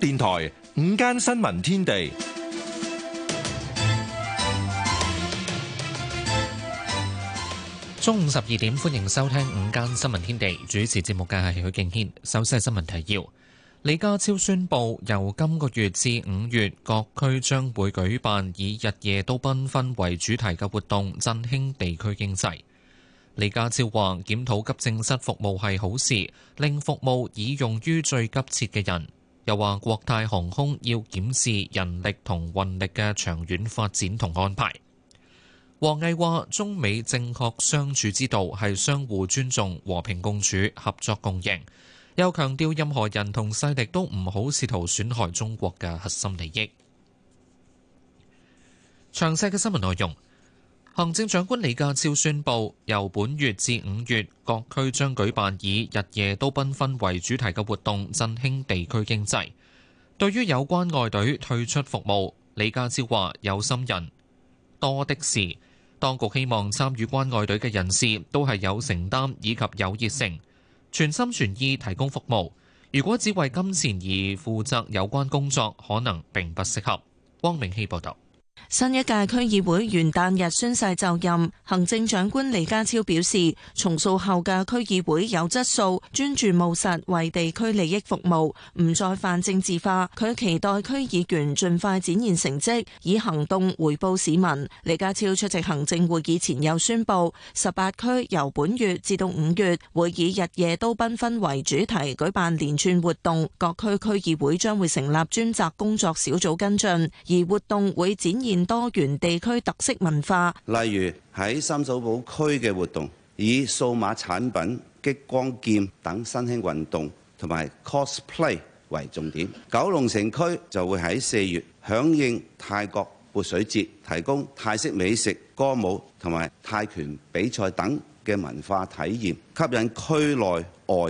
電台午間新聞天地，中午十二點，歡迎收聽午間新聞天地。主持節目嘅係許敬軒。首先係新聞提要：李家超宣布，由今個月至五月，各區將會舉辦以日夜都繽紛為主題嘅活動，振興地區經濟。李家超話，檢討急症室服務係好事，令服務以用於最急切嘅人。又話國泰航空要檢視人力同運力嘅長遠發展同安排。王毅話，中美正確相處之道係相互尊重、和平共處、合作共贏，又強調任何人同勢力都唔好試圖損害中國嘅核心利益。詳細嘅新聞內容。行政長官李家超宣布，由本月至五月，各區將舉辦以日夜都繽紛為主題嘅活動，振興地區經濟。對於有關愛隊退出服務，李家超話：有心人多的是，當局希望參與關愛隊嘅人士都係有承擔以及有熱誠，全心全意提供服務。如果只為金錢而負責有關工作，可能並不適合。汪明希報導。新一屆區議會元旦日宣誓就任，行政長官李家超表示，重塑後嘅區議會有質素、專注務實，為地區利益服務，唔再泛政治化。佢期待區議員盡快展現成績，以行動回報市民。李家超出席行政會議前又宣布，十八區由本月至到五月會以日夜都繽紛為主題舉辦連串活動，各區區議會將會成立專責工作小組跟進，而活動會展現多元地區特色文化，例如喺深水埗區嘅活動以數碼產品、激光劍等新興運動同埋 cosplay 為重點；九龍城區就會喺四月響應泰國潑水節，提供泰式美食、歌舞同埋泰拳比賽等嘅文化體驗，吸引區內外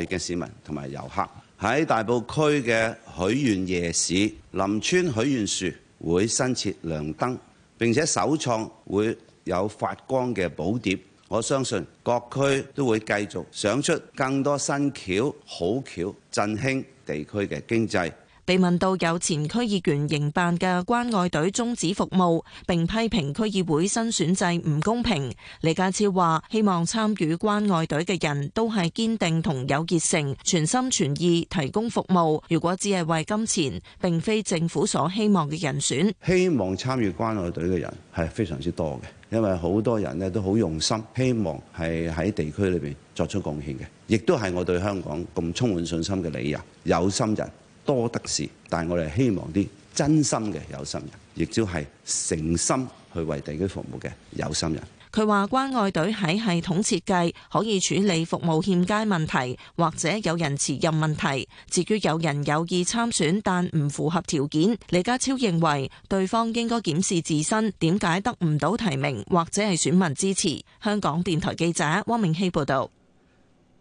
嘅市民同埋遊客。喺大埔區嘅許願夜市、林村許願樹。會新設亮燈，並且首創會有發光嘅寶碟。我相信各區都會繼續想出更多新橋、好橋，振興地區嘅經濟。被問到有前區議員營辦嘅關愛隊終止服務，並批評區議會新選制唔公平，李家超話：希望參與關愛隊嘅人都係堅定同有熱誠，全心全意提供服務。如果只係為金錢，並非政府所希望嘅人選。希望參與關愛隊嘅人係非常之多嘅，因為好多人呢都好用心，希望係喺地區裏面作出貢獻嘅，亦都係我對香港咁充滿信心嘅理由。有心人。多得是，但我哋希望啲真心嘅有心人，亦都係誠心去為地區服務嘅有心人。佢話關愛隊喺系統設計可以處理服務欠佳問題，或者有人辭任問題，至於有人有意參選但唔符合條件，李家超認為對方應該檢視自身點解得唔到提名，或者係選民支持。香港電台記者汪明熙報道。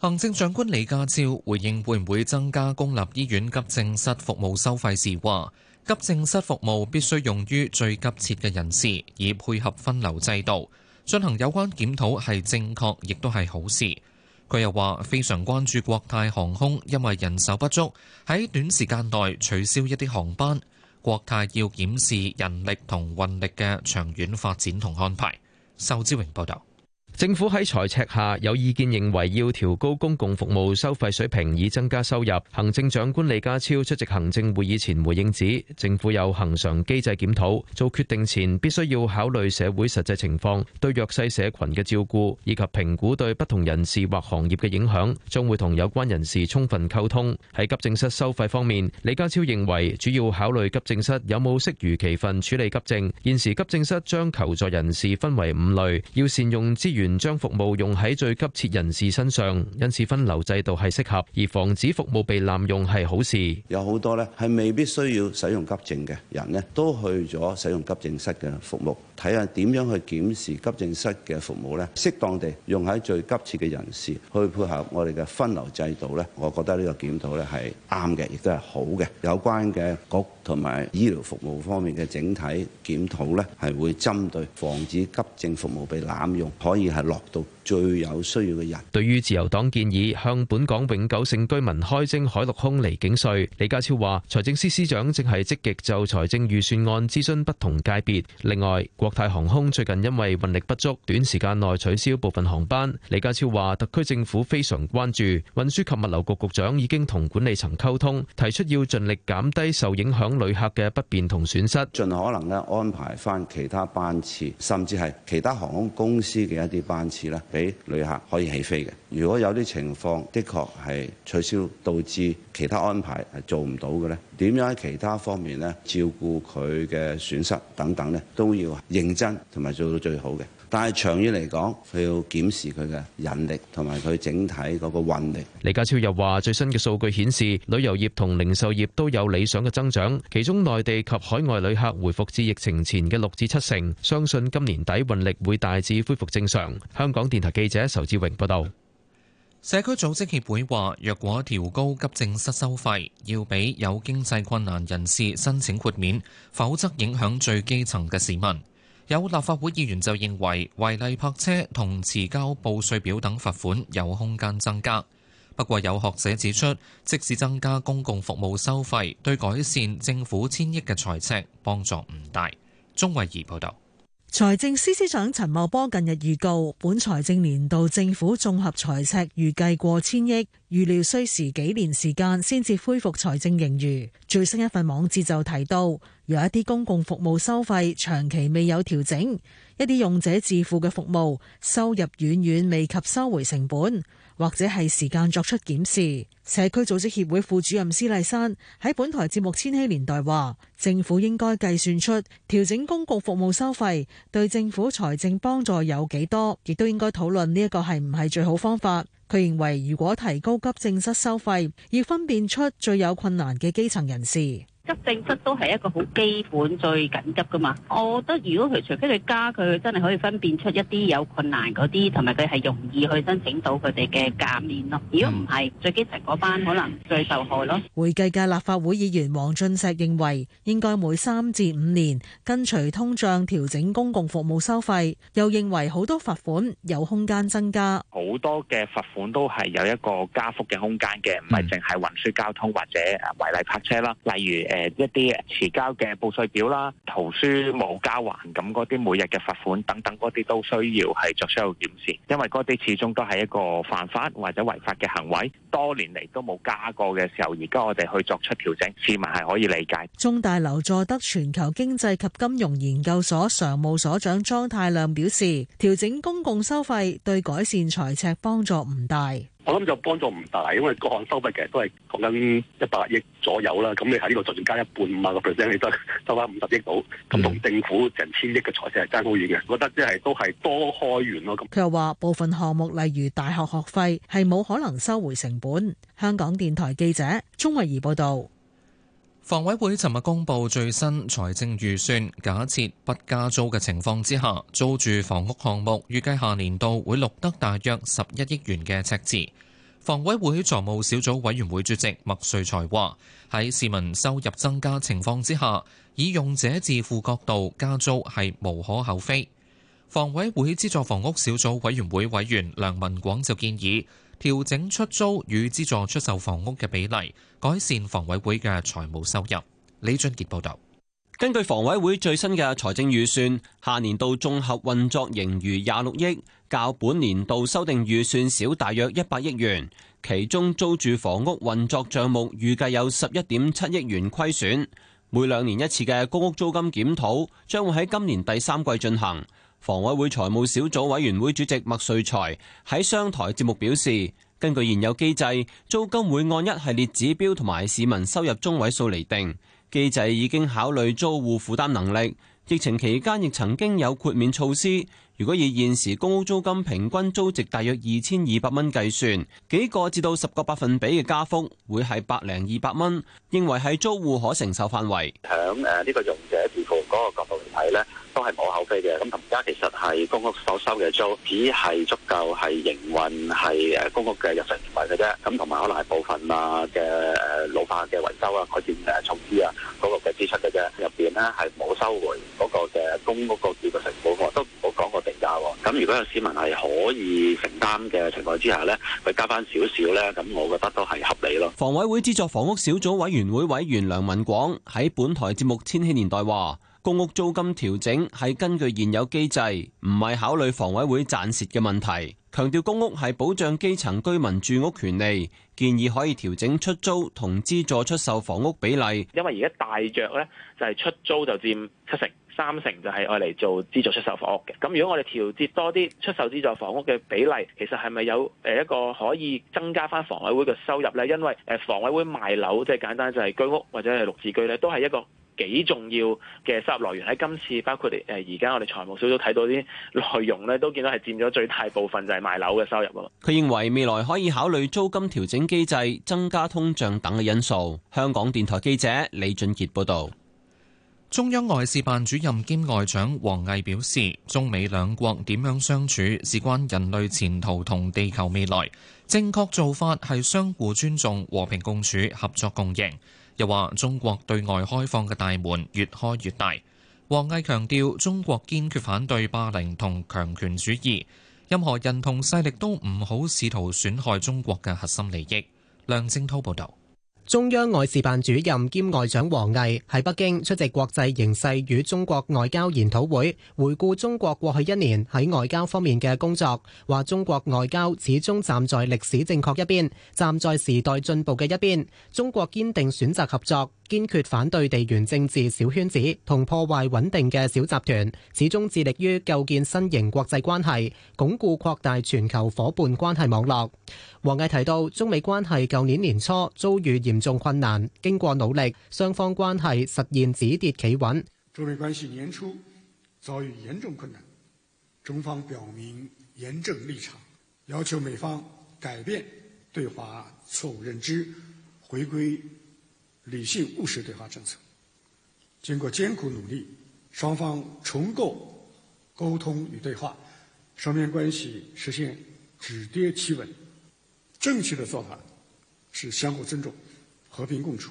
行政長官李家超回應會唔會增加公立醫院急症室服務收費時話：急症室服務必須用於最急切嘅人士，以配合分流制度。進行有關檢討係正確，亦都係好事。佢又話：非常關注國泰航空，因為人手不足，喺短時間內取消一啲航班。國泰要檢視人力同運力嘅長遠發展同安排。壽志榮報道。政府喺財赤下，有意見認為要調高公共服務收費水平以增加收入。行政長官李家超出席行政會議前回應指，政府有恒常機制檢討，做決定前必須要考慮社會實際情況、對弱勢社群嘅照顧以及評估對不同人士或行業嘅影響，將會同有關人士充分溝通。喺急症室收費方面，李家超認為主要考慮急症室有冇適如其分處理急症。現時急症室將求助人士分為五類，要善用資源。將服務用喺最急切人士身上，因此分流制度係適合，而防止服務被濫用係好事。有好多呢係未必需要使用急症嘅人呢，都去咗使用急症室嘅服務。睇下點樣去檢視急症室嘅服務呢，適當地用喺最急切嘅人士，去配合我哋嘅分流制度呢。我覺得呢個檢討呢係啱嘅，亦都係好嘅。有關嘅局。同埋醫療服務方面嘅整體檢討咧，係會針對防止急症服務被濫用，可以係落到。最有需要嘅人。對於自由黨建議向本港永久性居民開徵海陸空離境稅，李家超話財政司司長正係積極就財政預算案諮詢不同界別，另外，國泰航空最近因為運力不足，短時間內取消部分航班。李家超話特區政府非常關注，運輸及物流局局長已經同管理層溝通，提出要盡力減低受影響旅客嘅不便同損失，盡可能呢安排翻其他班次，甚至係其他航空公司嘅一啲班次呢。俾旅客可以起飛嘅，如果有啲情況的確係取消，導致其他安排係做唔到嘅呢，點樣喺其他方面呢照顧佢嘅損失等等呢，都要認真同埋做到最好嘅。但係長遠嚟講，佢要檢視佢嘅人力同埋佢整體嗰個運力。李家超又話：最新嘅數據顯示，旅遊業同零售業都有理想嘅增長，其中內地及海外旅客回復至疫情前嘅六至七成。相信今年底運力會大致恢復正常。香港電台記者仇志榮報導。社區組織協會話：若果調高急症室收費，要俾有經濟困難人士申請豁免，否則影響最基層嘅市民。有立法會議員就認為，違例泊車同遲交報稅表等罰款有空間增加。不過，有學者指出，即使增加公共服務收費，對改善政府千億嘅財赤幫助唔大。鍾慧儀報導。財政司司長陳茂波近日預告，本財政年度政府綜合財赤預計過千億，預料需時幾年時間先至恢復財政盈餘。最新一份網誌就提到，有一啲公共服務收費長期未有調整，一啲用者自付嘅服務收入遠遠未及收回成本。或者係時間作出檢視。社區組織協會副主任施麗珊喺本台節目《千禧年代》話：政府應該計算出調整公共服務收費對政府財政幫助有幾多，亦都應該討論呢一個係唔係最好方法。佢認為如果提高急症室收費，要分辨出最有困難嘅基層人士。急症室都係一個好基本最緊急噶嘛，我覺得如果佢除非佢加佢，真係可以分辨出一啲有困難嗰啲，同埋佢係容易去申請到佢哋嘅減免咯。如果唔係，最基層嗰班可能最受害咯。會計界立法會議員黃俊碩認為，應該每三至五年跟隨通脹調整公共服務收費，又認為好多罰款有空間增加。好多嘅罰款都係有一個加幅嘅空間嘅，唔係淨係運輸交通或者違例泊車啦，例如。誒一啲遲交嘅報稅表啦、圖書冇交還咁嗰啲每日嘅罰款等等，嗰啲都需要係作進一步檢視，因為嗰啲始終都係一個犯法或者違法嘅行為，多年嚟都冇加過嘅時候，而家我哋去作出調整，市民係可以理解。中大劉佐德全球經濟及金融研究所常務所長莊太量表示，調整公共收費對改善財赤幫助唔大。我諗就幫助唔大，因為個項收費其實都係講緊一百億左右啦。咁你喺呢個就算加一半五個 percent，你都收翻五十億到，咁同政府成千億嘅財政係爭高遠嘅。我覺得即係都係多開源咯。咁佢又話：部分項目例如大學學費係冇可能收回成本。香港電台記者鍾慧儀報道。房委會尋日公布最新財政預算，假設不加租嘅情況之下，租住房屋項目預計下年度會錄得大約十一億元嘅赤字。房委會財務小組委員會主席麥瑞才話，喺市民收入增加情況之下，以用者自負角度加租係無可厚非。房委會資助房屋小組委員會委員梁文廣就建議調整出租與資助出售房屋嘅比例，改善房委會嘅財務收入。李俊傑報道。根據房委會最新嘅財政預算，下年度綜合運作盈餘廿六億，較本年度修訂預算少大約一百億元。其中租住房屋運作賬目預計有十一點七億元虧損。每兩年一次嘅公屋租金檢討將會喺今年第三季進行。房委會財務小組委員會主席麥瑞才喺商台節目表示，根據現有機制，租金會按一系列指標同埋市民收入中位數嚟定。機制已經考慮租戶負擔能力，疫情期間亦曾經有豁免措施。如果以現時公屋租金平均租值大約二千二百蚊計算，幾個至到十個百分比嘅加幅，會係百零二百蚊，認為係租戶可承受範圍。響誒呢個用者自付嗰個角度嚟睇咧。都係冇口碑嘅，咁同而家其實係公屋所收嘅租，只係足夠係營運係誒公屋嘅日常營運嘅啫，咁同埋可能係部分啊嘅誒老化嘅維修啊、改建誒重資啊嗰個嘅支出嘅啫，入邊咧係冇收回嗰個嘅公屋個叫做成本喎，都唔好講個定價喎。咁如果有市民係可以承擔嘅情況之下咧，佢加翻少少咧，咁我覺得都係合理咯。房委會資助房屋小組委員會委員梁文廣喺本台節目《千禧年代》話。公屋租金調整係根據現有機制，唔係考慮房委會暫時嘅問題。強調公屋係保障基層居民住屋權利，建議可以調整出租同資助出售房屋比例。因為而家大着呢，就係出租就佔七成，三成就係愛嚟做資助出售房屋嘅。咁如果我哋調節多啲出售資助房屋嘅比例，其實係咪有一個可以增加翻房委會嘅收入呢？因為誒房委會賣樓即係、就是、簡單就係居屋或者係綠置居咧，都係一個。幾重要嘅收入來源喺今次，包括嚟而家我哋財務小組睇到啲內容呢，都見到係佔咗最大部分，就係賣樓嘅收入。佢認為未來可以考慮租金調整機制、增加通脹等嘅因素。香港電台記者李俊傑報道。中央外事辦主任兼外長王毅表示：中美兩國點樣相處，事關人類前途同地球未來。正確做法係相互尊重、和平共處、合作共贏。又話中國對外開放嘅大門越開越大。王毅強調，中國堅決反對霸凌同強權主義，任何人同勢力都唔好試圖損害中國嘅核心利益。梁正濤報導。中央外事辦主任兼外長王毅喺北京出席國際形勢與中國外交研討會，回顧中國過去一年喺外交方面嘅工作，話中國外交始終站在歷史正確一邊，站在時代進步嘅一邊。中國堅定選擇合作，堅決反對地緣政治小圈子同破壞穩定嘅小集團，始終致力於構建新型國際關係，鞏固擴大全球伙伴關係網絡。王毅提到，中美關係舊年年初遭遇嚴重困難，經過努力，雙方關係實現止跌企穩。中美關係年初遭遇嚴重困難，中方表明嚴正立場，要求美方改變對華錯誤認知，回歸理性務實對華政策。經過艱苦努力，雙方重構溝通與對話，雙邊關係實現止跌企穩。正確的做法是相互尊重、和平共處、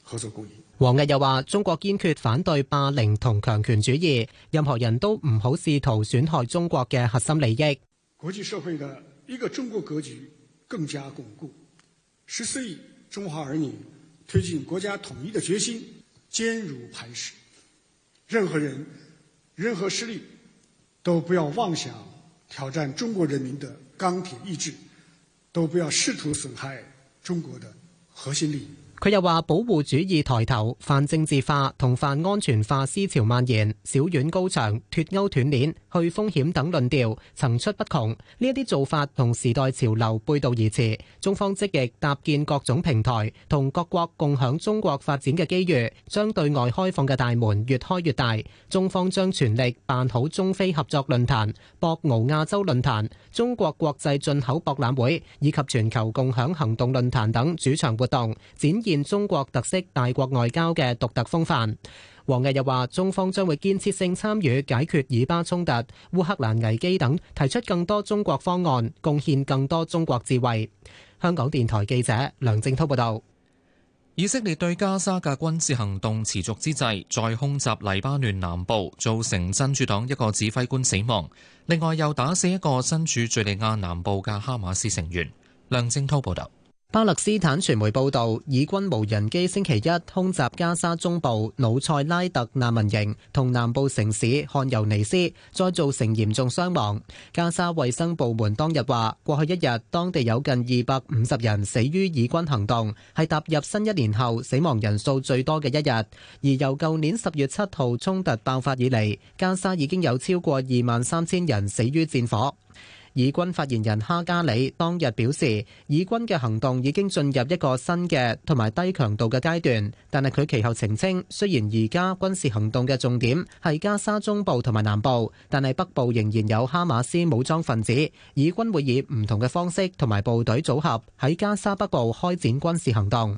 合作共贏。王毅又話：中國堅決反對霸凌同強權主義，任何人都唔好試圖損害中國嘅核心利益。國際社會的一個中國格局更加鞏固，十四億中華兒女推進國家統一的決心堅如磐石。任何人、任何勢力都不要妄想挑戰中國人民的鋼鐵意志。都不要試圖損害中國的核心利益。佢又話保護主義抬頭，泛政治化同泛安全化思潮蔓延，小院高牆，脫鈎斷鏈。去風險等論調，層出不窮，呢一啲做法同時代潮流背道而馳。中方積極搭建各種平台，同各國共享中國發展嘅機遇，將對外開放嘅大門越開越大。中方將全力辦好中非合作論壇，博鰲亞洲論壇，中國國際進口博覽會，以及全球共享行動論壇等主場活動，展現中國特色大國外交嘅獨特風範。王毅又話：中方將會建設性參與解決以巴衝突、烏克蘭危機等，提出更多中國方案，貢獻更多中國智慧。香港電台記者梁正滔報道，以色列對加沙嘅軍事行動持續之際，再空襲黎巴嫩南部，造成真主黨一個指揮官死亡，另外又打死一個身處敍利亞南部嘅哈馬斯成員。梁正滔報道。巴勒斯坦傳媒報道，以軍無人機星期一空襲加沙中部努塞拉特難民營同南部城市漢尤尼斯，再造成嚴重傷亡。加沙衛生部門當日話，過去一日當地有近二百五十人死於以軍行動，係踏入新一年後死亡人數最多嘅一日。而由舊年十月七號衝突爆發以嚟，加沙已經有超過二萬三千人死於戰火。以軍發言人哈加里當日表示，以軍嘅行動已經進入一個新嘅同埋低強度嘅階段，但係佢其後澄清，雖然而家軍事行動嘅重點係加沙中部同埋南部，但係北部仍然有哈馬斯武裝分子，以軍會以唔同嘅方式同埋部隊組合喺加沙北部開展軍事行動。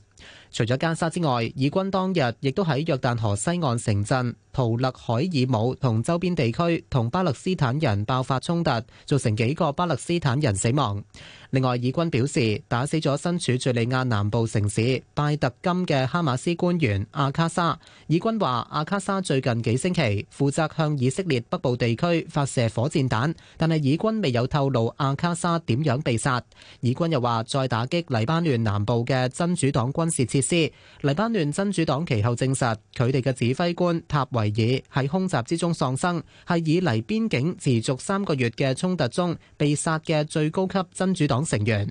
除咗加沙之外，以軍當日亦都喺約旦河西岸城鎮圖勒海爾姆同周邊地區同巴勒斯坦人爆發衝突，造成幾個巴勒斯坦人死亡。另外，以軍表示打死咗身處敘利亞南部城市拜特金嘅哈馬斯官員阿卡沙。以軍話：阿卡沙最近幾星期負責向以色列北部地區發射火箭彈，但係以軍未有透露阿卡沙點樣被殺。以軍又話：再打擊黎巴嫩南部嘅真主黨軍事設施。黎巴嫩真主黨其後證實佢哋嘅指揮官塔維爾喺空襲之中喪生，係以黎邊境持續三個月嘅衝突中被殺嘅最高級真主黨成員。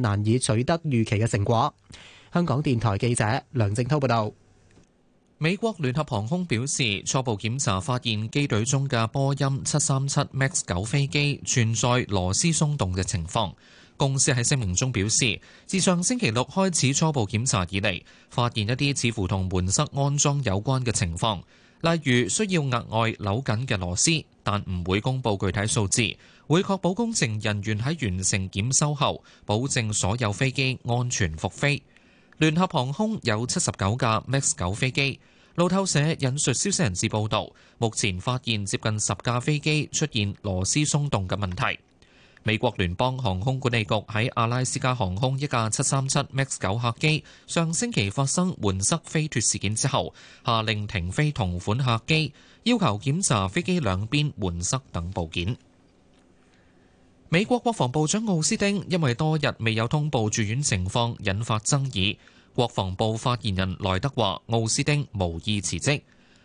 難以取得預期嘅成果。香港電台記者梁正濤報道，美國聯合航空表示初步檢查發現機隊中嘅波音七三七 MAX 九飛機存在螺絲鬆動嘅情況，公司喺聲明中表示，自上星期六開始初步檢查以嚟，發現一啲似乎同門室安裝有關嘅情況，例如需要額外扭緊嘅螺絲，但唔會公布具體數字。會確保工程人員喺完成檢修後，保證所有飛機安全復飛。聯合航空有七十九架 Max 九飛機。路透社引述消息人士報導，目前發現接近十架飛機出現螺絲鬆動嘅問題。美國聯邦航空管理局喺阿拉斯加航空一架七三七 Max 九客機上星期發生緩塞飛脱事件之後，下令停飛同款客機，要求檢查飛機兩邊緩塞等部件。美國國防部長奧斯汀因為多日未有通報住院情況，引發爭議。國防部發言人萊德話：奧斯汀無意辭職。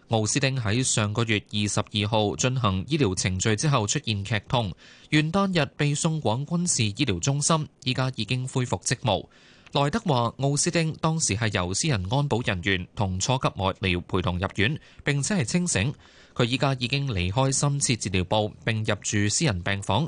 奧斯汀喺上個月二十二號進行醫療程序之後出現劇痛，元旦日被送往軍事醫療中心，依家已經恢復職務。萊德話：奧斯汀當時係由私人安保人員同初級幕僚陪同入院，並且係清醒。佢依家已經離開深切治療部，並入住私人病房。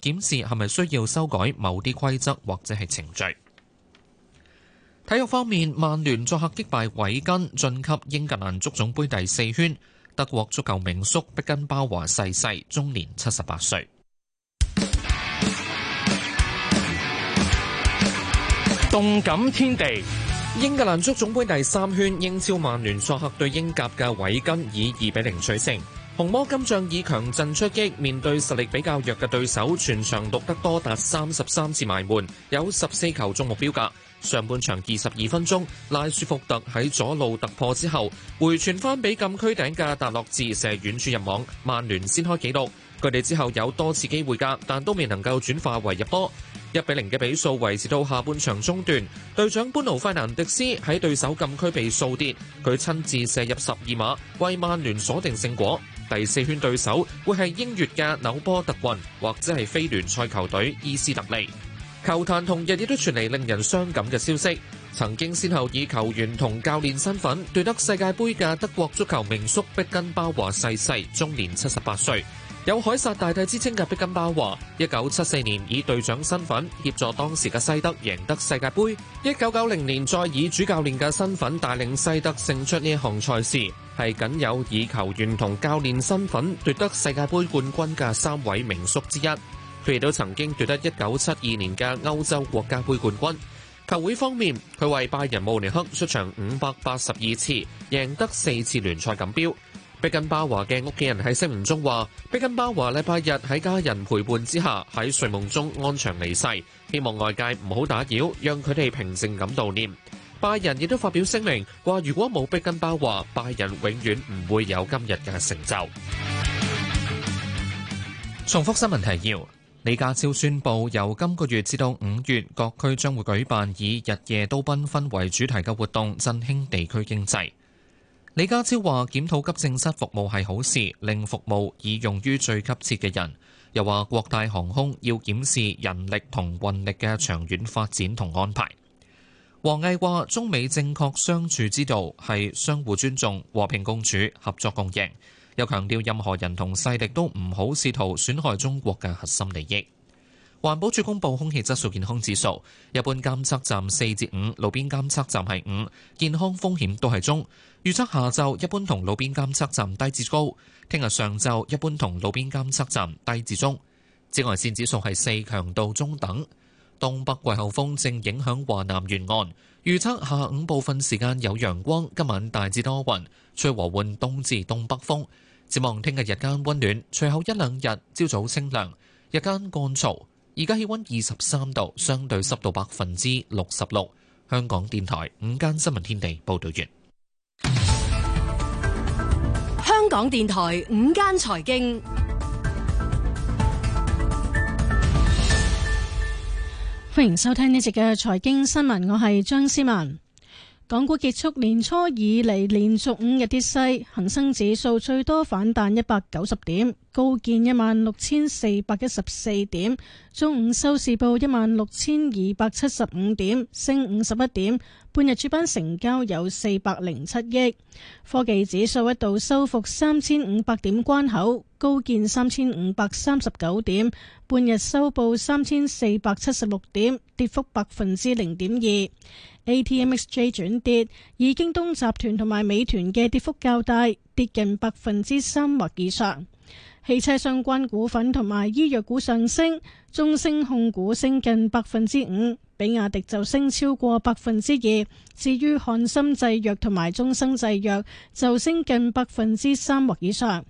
檢視係咪需要修改某啲規則或者係程序？體育方面，曼聯作客擊敗韋根，晉級英格蘭足總盃第四圈。德國足球名宿畢根巴華逝世，終年七十八歲。動感天地，英格蘭足總盃第三圈，英超曼聯作客對英甲嘅韋根，以二比零取勝。紅魔今仗以強陣出擊，面對實力比較弱嘅對手，全場獨得多達三十三次埋門，有十四球中目標噶。上半場二十二分鐘，拉舒福特喺左路突破之後，回傳翻俾禁區頂嘅達洛治射遠處入網，曼聯先開紀錄。佢哋之後有多次機會噶，但都未能夠轉化為入波。一比零嘅比數維持到下半場中段，隊長班奴費南迪斯喺對手禁區被掃跌，佢親自射入十二碼，為曼聯鎖定勝果。第四圈對手會係英越嘅紐波特郡，或者係非聯賽球隊伊斯特利。球壇同日亦都傳嚟令人傷感嘅消息，曾經先後以球員同教練身份奪得世界盃嘅德國足球名宿碧根巴華逝世，終年七十八歲。有凱撒大帝之稱嘅碧根鮑華，一九七四年以隊長身份協助當時嘅西德贏得世界盃，一九九零年再以主教練嘅身份帶領西德勝出呢一項賽事，係僅有以球員同教練身份奪得世界盃冠軍嘅三位名宿之一。佢亦都曾經奪得一九七二年嘅歐洲國家盃冠軍。球會方面，佢為拜仁慕尼黑出場五百八十二次，贏得四次聯賽錦標。碧根巴華嘅屋企人喺聲明中話，碧根巴華禮拜日喺家人陪伴之下喺睡夢中安詳離世，希望外界唔好打擾，讓佢哋平靜咁悼念。拜仁亦都發表聲明話，如果冇碧根巴華，拜仁永遠唔會有今日嘅成就。重複新聞提要：李家超宣布，由今個月至到五月，各區將會舉辦以日夜都繽紛為主題嘅活動，振興地區經濟。李家超話檢討急症室服務係好事，令服務以用於最急切嘅人。又話國泰航空要檢視人力同運力嘅長遠發展同安排。王毅話中美正確相處之道係相互尊重、和平共處、合作共贏。又強調任何人同勢力都唔好試圖損害中國嘅核心利益。環保署公布空氣質素健康指數，一般監測站四至五，路邊監測站係五，健康風險都係中。預測下晝一般同路邊監測站低至高，聽日上晝一般同路邊監測站低至中。紫外線指數係四，強度中等。東北季候風正影響華南沿岸。預測下午部分時間有陽光，今晚大致多雲，吹和緩東至東北風。展望聽日日間温暖，隨後一兩日朝早清涼，日間乾燥。而家氣温二十三度，相對濕度百分之六十六。香港電台午間新聞天地報道完。香港電台午間財經，歡迎收聽呢集嘅財經新聞，我係張思文。港股結束年初以嚟連續五日跌勢，恒生指數最多反彈一百九十點，高見一萬六千四百一十四點。中午收市報一萬六千二百七十五點，升五十一點。半日主板成交有四百零七億。科技指數一度收復三千五百點關口，高見三千五百三十九點，半日收報三千四百七十六點，跌幅百分之零點二。A.T.M.X.J. 轉跌，以京東集團同埋美團嘅跌幅較大，跌近百分之三或以上。汽車相關股份同埋醫藥股上升，中升控股升近百分之五，比亞迪就升超過百分之二。至於漢森製藥同埋中生製藥就升近百分之三或以上。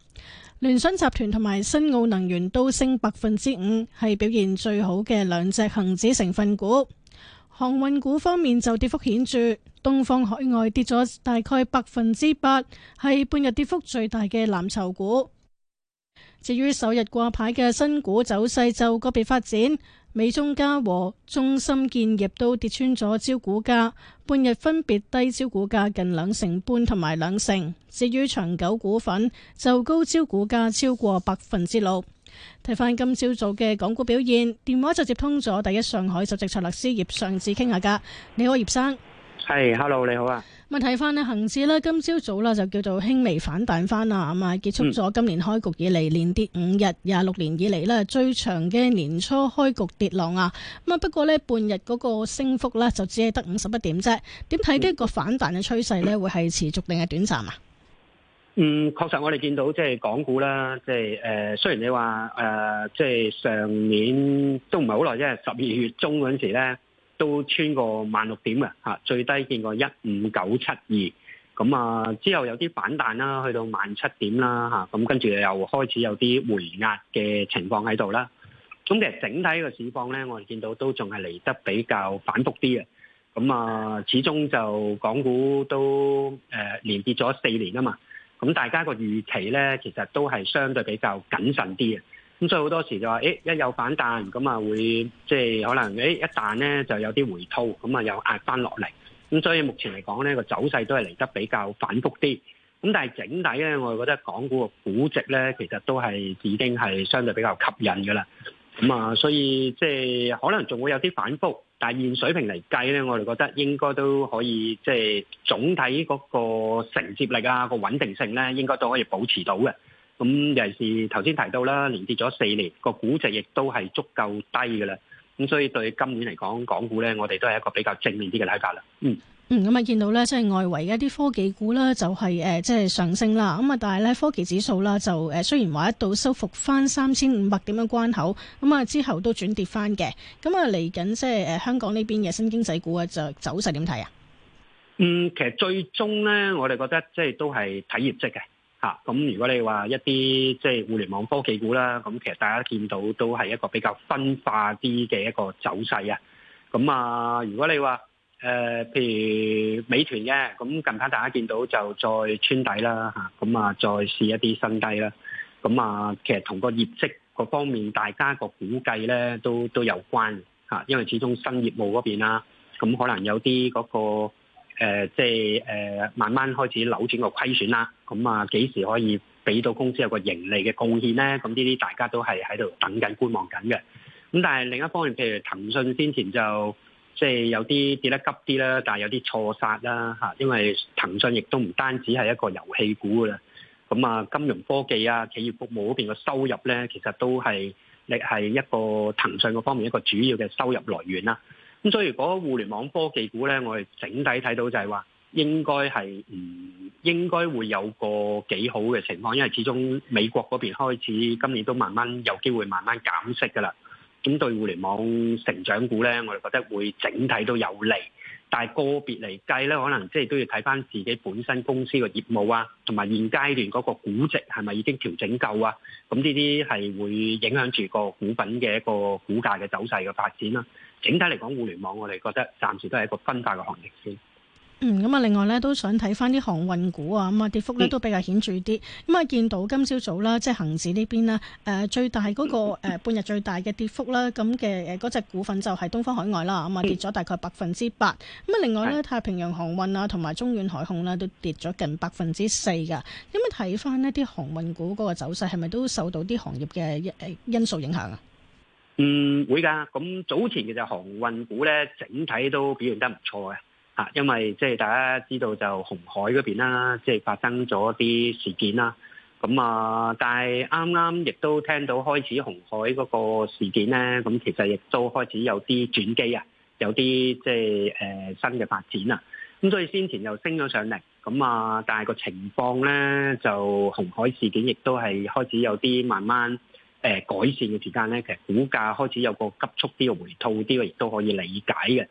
聯想集團同埋新奧能源都升百分之五，係表現最好嘅兩隻恒指成分股。航運股方面就跌幅顯著，東方海外跌咗大概百分之八，係半日跌幅最大嘅藍籌股。至於首日掛牌嘅新股走勢就個別發展，美中嘉和、中心建業都跌穿咗招股價，半日分別低招股價近兩成半同埋兩成。至於長久股份就高招股價超過百分之六。睇翻今朝早嘅港股表現，電話就接通咗第一上海首席策略師葉尚志傾下㗎。你好，葉生。係、hey,，hello，你好啊。咁啊，睇翻呢恒指呢，今朝早呢就叫做輕微反彈翻啦，咁啊結束咗今年開局以嚟連、嗯、跌五日，廿六年以嚟呢，最長嘅年初開局跌浪啊。咁啊，不過呢半日嗰個升幅呢，就只係得五十一點啫。點睇呢個反彈嘅趨勢呢，會係持續定係短暫啊？嗯，確實我哋見到即係港股啦，即係誒，雖然你話誒，即、呃、係、就是、上年都唔係好耐，即係十二月中嗰陣時咧，都穿過萬六點嘅、啊、最低見過一五九七二，咁啊之後有啲反彈啦，去到萬七點啦咁、啊、跟住又開始有啲回壓嘅情況喺度啦。咁其實整體嘅市況咧，我哋見到都仲係嚟得比較反覆啲嘅，咁啊，始終就港股都誒、呃、連跌咗四年啊嘛。咁大家個預期咧，其實都係相對比較謹慎啲嘅，咁所以好多時就話，誒、哎、一有反彈，咁啊會即係可能誒一彈咧就有啲回吐，咁啊又壓翻落嚟，咁所以目前嚟講咧個走勢都係嚟得比較反覆啲，咁但係整體咧，我覺得港股個估值咧其實都係已經係相對比較吸引噶啦，咁啊所以即係可能仲會有啲反覆。但現水平嚟計咧，我哋覺得應該都可以，即係總體嗰個承接力啊，個穩定性咧，應該都可以保持到嘅。咁尤其是頭先提到啦，連跌咗四年，個估值亦都係足夠低嘅啦。咁所以對今年嚟講，港股咧，我哋都係一個比較正面啲嘅睇法啦。嗯，嗯，咁啊，見到咧，即係外圍嘅一啲科技股咧，就係、是、誒，即、呃、係、就是、上升啦。咁啊，但係咧，科技指數啦，就誒、呃，雖然話一度收復翻三千五百點嘅關口，咁、嗯、啊之後都轉跌翻嘅。咁啊、就是，嚟緊即係誒，香港呢邊嘅新經濟股啊，就走勢點睇啊？嗯，其實最終咧，我哋覺得即係都係睇業績嘅。嚇，咁如果你話一啲即係互聯網科技股啦，咁其實大家見到都係一個比較分化啲嘅一個走勢啊。咁啊，如果你話誒，譬如美團嘅，咁近排大家見到就再穿底啦嚇，咁啊再試一啲新低啦。咁啊，其實同個業績各方面大家個估計咧都都有關嚇，因為始終新業務嗰邊啦，咁可能有啲嗰個。誒、呃，即係誒、呃，慢慢開始扭轉個虧損啦。咁啊，幾時可以俾到公司有個盈利嘅貢獻咧？咁呢啲大家都係喺度等緊、觀望緊嘅。咁但係另一方面，譬如騰訊先前就即係有啲跌得急啲啦，但係有啲錯殺啦嚇，因為騰訊亦都唔單止係一個遊戲股噶啦。咁啊，金融科技啊、企業服務嗰邊嘅收入咧，其實都係亦係一個騰訊嗰方面一個主要嘅收入來源啦。咁所以如果互聯網科技股咧，我哋整體睇到就係話應該係唔、嗯、應該會有個幾好嘅情況，因為始終美國嗰邊開始今年都慢慢有機會慢慢減息噶啦。咁對互聯網成長股咧，我哋覺得會整體都有利，但係個別嚟計咧，可能即係都要睇翻自己本身公司嘅業務啊，同埋現階段嗰個股值係咪已經調整夠啊？咁呢啲係會影響住個股品嘅一個股價嘅走勢嘅發展啦、啊。整體嚟講，互聯網我哋覺得暫時都係一個分界嘅行業先。嗯，咁啊，另外咧都想睇翻啲航運股啊，咁啊，跌幅咧都比較顯著啲。咁、嗯、啊，見到今朝早啦，即係恒指呢邊啦，誒、呃，最大嗰、那個誒、嗯、呃、半日最大嘅跌幅啦，咁嘅誒嗰隻股份就係東方海外啦，咁啊跌咗大概百分之八。咁啊，另外咧太平洋航運啊，同埋中遠海控咧，都跌咗近百分之四噶。點樣睇翻呢啲航運股嗰個走勢，係咪都受到啲行業嘅誒因素影響啊？嗯，會噶。咁早前其實就航運股咧，整體都表現得唔錯嘅。吓，因為即係大家知道就紅海嗰邊啦，即係發生咗啲事件啦。咁啊，但係啱啱亦都聽到開始紅海嗰個事件咧，咁其實亦都開始有啲轉機啊，有啲即係誒新嘅發展啊。咁所以先前又升咗上嚟，咁啊，但係個情況咧就紅海事件亦都係開始有啲慢慢。誒改善嘅時間咧，其實股價開始有個急速啲嘅回吐啲嘅，亦都可以理解嘅。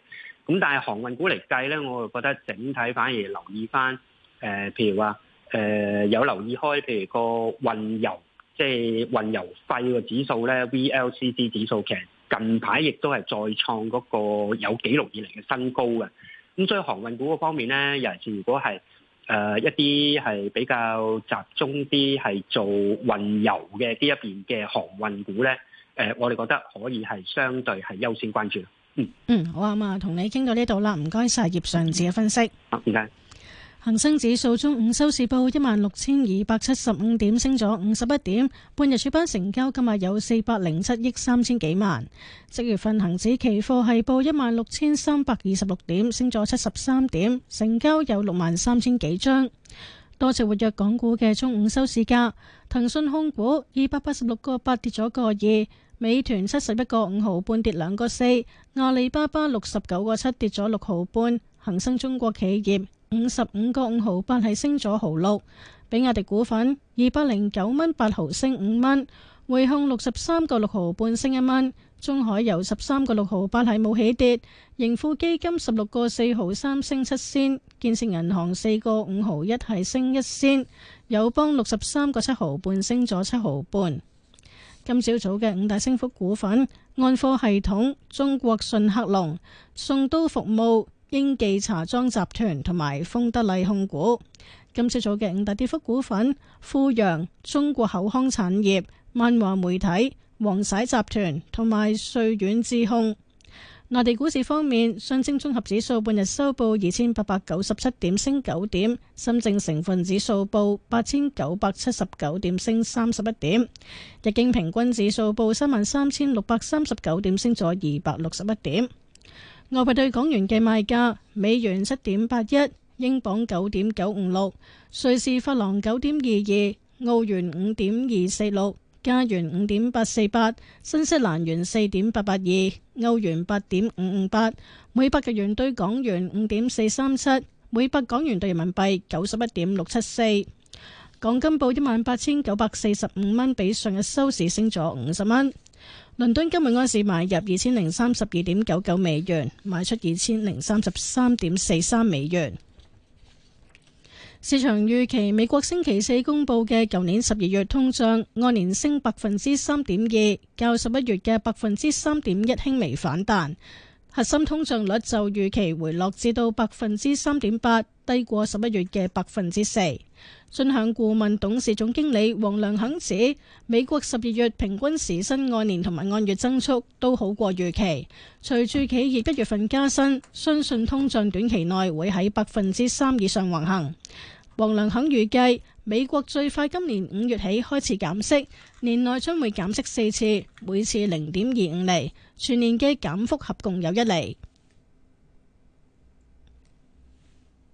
咁但係航運股嚟計咧，我就覺得整體反而留意翻誒、呃，譬如話誒、呃、有留意開，譬如個運油即係、就是、運油費個指數咧，VLCC 指數其實近排亦都係再創嗰個有紀錄以嚟嘅新高嘅。咁所以航運股嗰方面咧，尤其是如果係。誒、呃、一啲係比較集中啲係做運油嘅呢一邊嘅航運股咧，誒、呃、我哋覺得可以係相對係優先關注。嗯嗯，好啊嘛，同你傾到呢度啦，唔該晒葉上智嘅分析。唔該、啊。恒生指數中午收市報一萬六千二百七十五點，升咗五十一點。半日主板成交今日有四百零七億三千幾萬。即月份恒指期貨係報一萬六千三百二十六點，升咗七十三點，成交有六萬三千幾張。多隻活躍港股嘅中午收市價，騰訊控股二百八十六個八跌咗個二，美團七十一個五毫半跌兩個四，阿里巴巴六十九個七跌咗六毫半，恒生中國企業。五十五個五毫八係升咗毫六，比亞迪股份二百零九蚊八毫升五蚊，匯控六十三個六毫半升一蚊，中海油十三個六毫八係冇起跌，盈富基金十六個四毫三升七仙，建設銀行四個五毫一係升一仙，友邦六十三個七毫半升咗七毫半，今朝早嘅五大升幅股份：安科系統、中國順客隆、宋都服務。英記茶莊集團同埋豐德麗控股，今朝早嘅五大跌幅股份：富陽、中國口腔產業、萬華媒體、黃璽集團同埋瑞遠智控。內地股市方面，上證綜合指數半日收報二千八百九十七點，升九點；深證成分指數報八千九百七十九點，升三十一點；日經平均指數報三萬三千六百三十九點，升咗二百六十一點。外幣對港元嘅賣價：美元七點八一，英鎊九點九五六，瑞士法郎九點二二，澳元五點二四六，加元五點八四八，新西蘭元四點八八二，歐元八點五五八，每百日元兌港元五點四三七，每百港元兌人民幣九十一點六七四。港金報一萬八千九百四十五蚊，比上日收市升咗五十蚊。倫敦今日安市買入二千零三十二點九九美元，賣出二千零三十三點四三美元。市場預期美國星期四公布嘅舊年十二月通脹按年升百分之三點二，較十一月嘅百分之三點一輕微反彈。核心通脹率就預期回落至到百分之三點八，低過十一月嘅百分之四。信向顧問董事總經理黃良肯指，美國十二月平均時薪按年同埋按月增速都好過預期，隨住企業一月份加薪，相信通脹短期內會喺百分之三以上橫行。王良肯預計，美國最快今年五月起開始減息，年內將會減息四次，每次零點二五厘。全年嘅減幅合共有一厘。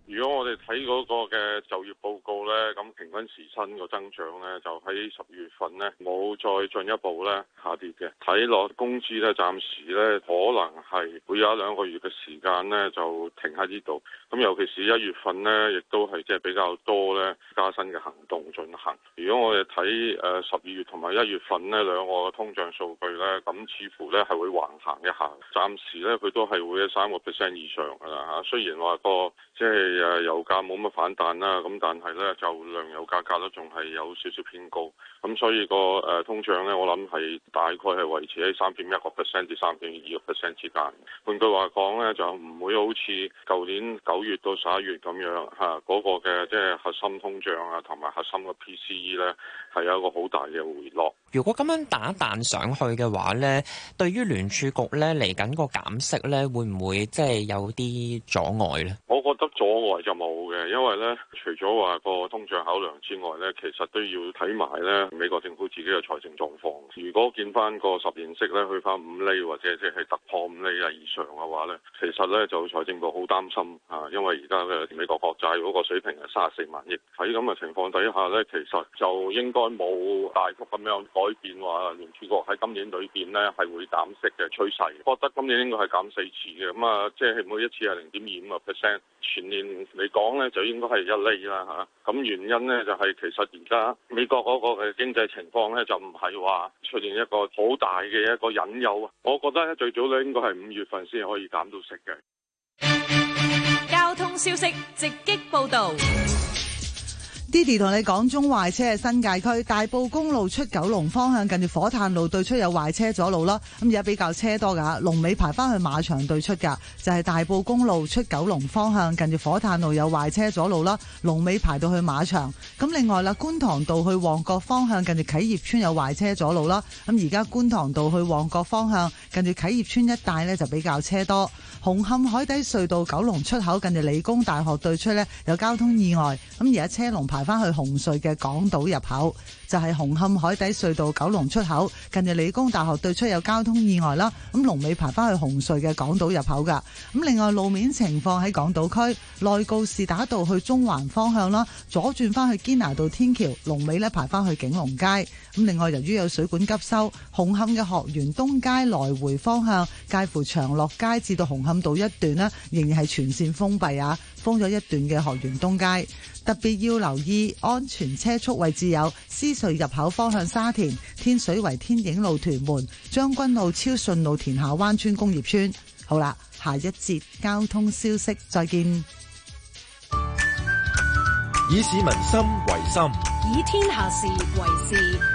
如果我哋睇嗰個嘅就業報告咧，咁平均時薪個增長咧，就喺十二月份咧冇再進一步咧下跌嘅。睇落工資咧，暫時咧可能係會有一兩個月嘅時間咧就停喺呢度。咁尤其是一月份咧，亦都係即係比較多咧加薪嘅行動進行。如果我哋睇誒十二月同埋一月份咧兩個嘅通脹數據咧，咁似乎咧係會橫行一下。暫時咧佢都係會喺三個 percent 以上噶啦吓，雖然話、那個即係。就是誒油價冇乜反彈啦，咁但係咧就糧油價格都仲係有少少偏高，咁所以個誒通脹咧，我諗係大概係維持喺三點一個 percent 至三點二個 percent 之間。換句話講咧，就唔會好似舊年九月到十一月咁樣嚇嗰、那個嘅即係核心通脹啊，同埋核心嘅 PCE 咧係有一個好大嘅回落。如果咁樣打彈上去嘅話咧，對於聯儲局咧嚟緊個減息咧，會唔會即係有啲阻礙咧？我覺得阻。外就冇嘅。因為咧，除咗話個通脹考量之外咧，其實都要睇埋咧美國政府自己嘅財政狀況。如果見翻個十年息咧去翻五厘或者即係突破五厘啊以上嘅話咧，其實咧就財政部好擔心啊，因為而家嘅美國國債嗰個水平係三十四萬億。喺咁嘅情況底下咧，其實就應該冇大幅咁樣改變話，聯儲局喺今年裏邊咧係會減息嘅趨勢。勢我覺得今年應該係減四次嘅，咁啊，即係每一次係零點二五個 percent，全年。你講呢就應該係一厘啦，吓，咁原因呢就係其實而家美國嗰個嘅經濟情況呢，就唔係話出現一個好大嘅一個隱憂啊。我覺得最早咧，應該係五月份先可以減到息嘅。交通消息直擊報導。Didi 同你講，中壞車係新界區大埔公路出九龍方向，近住火炭路對出有壞車阻路啦。咁而家比較車多㗎，龍尾排翻去馬場對出㗎，就係、是、大埔公路出九龍方向近住火炭路有壞車阻路啦。龍尾排到去馬場。咁另外啦，觀塘道去旺角方向近住啟業村有壞車阻路啦。咁而家觀塘道去旺角方向近住啟業村一帶呢，就比較車多。紅磡海底隧道九龍出口近住理工大學對出呢，有交通意外，咁而家車龍排。排翻去紅隧嘅港島入口，就係、是、紅磡海底隧道九龍出口。近日理工大學對出有交通意外啦，咁龍尾排翻去紅隧嘅港島入口噶。咁另外，路面情況喺港島區，內告士打道去中環方向啦，左轉翻去堅拿道天橋，龍尾呢排翻去景龍街。咁另外，由於有水管急收，紅磡嘅學園東街來回方向，介乎長樂街至到紅磡道一段呢，仍然係全線封閉啊，封咗一段嘅學園東街。特別要留意安全車速位置，有獅隧入口方向、沙田天水圍天影路、屯門將軍路、超順路、田下灣村、工業村。好啦，下一節交通消息，再見。以市民心為心，以天下事為事。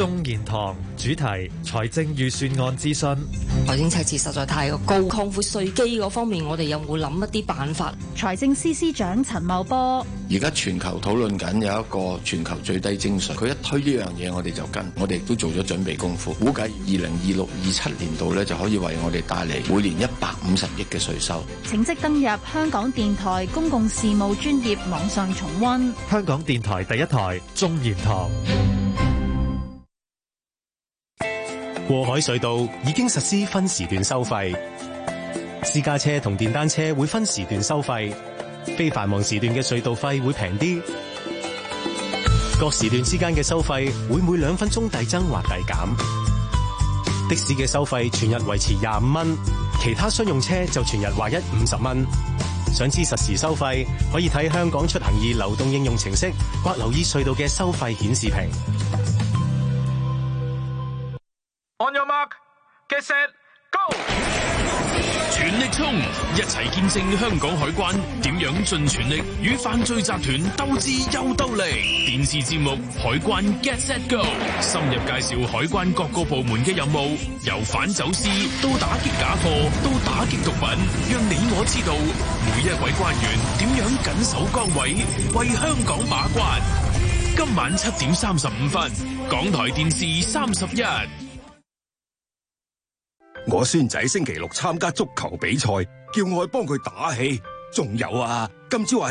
中研堂主題財政預算案諮詢，財政赤字實在太過高，擴闊稅基嗰方面，我哋有冇諗一啲辦法？財政司司長陳茂波，而家全球討論緊有一個全球最低徵稅，佢一推呢樣嘢，我哋就跟，我哋都做咗準備功夫，估計二零二六二七年度呢，就可以為我哋帶嚟每年一百五十億嘅稅收。請即登入香港電台公共事務專業網上重溫。香港電台第一台中研堂。過海隧道已經實施分時段收費，私家車同電單車會分時段收費，非繁忙時段嘅隧道費會平啲。各時段之間嘅收費會每兩分鐘遞增或遞減。的士嘅收費全日維持廿五蚊，其他商用車就全日劃一五十蚊。想知實時收費可以睇香港出行易流動應用程式，或留意隧道嘅收費顯示屏。一齊見證香港海關點樣盡全力與犯罪集團鬥智又鬥力。電視節目海關 Get Set Go 深入介紹海關各個部門嘅任務，由反走私到打擊假貨，到打擊毒品，讓你我知道每一位關員點樣緊守崗位，為香港把關。今晚七點三十五分，港台電視三十一。我孫仔星期六參加足球比賽。叫我去幫佢打氣，仲有啊，今朝話。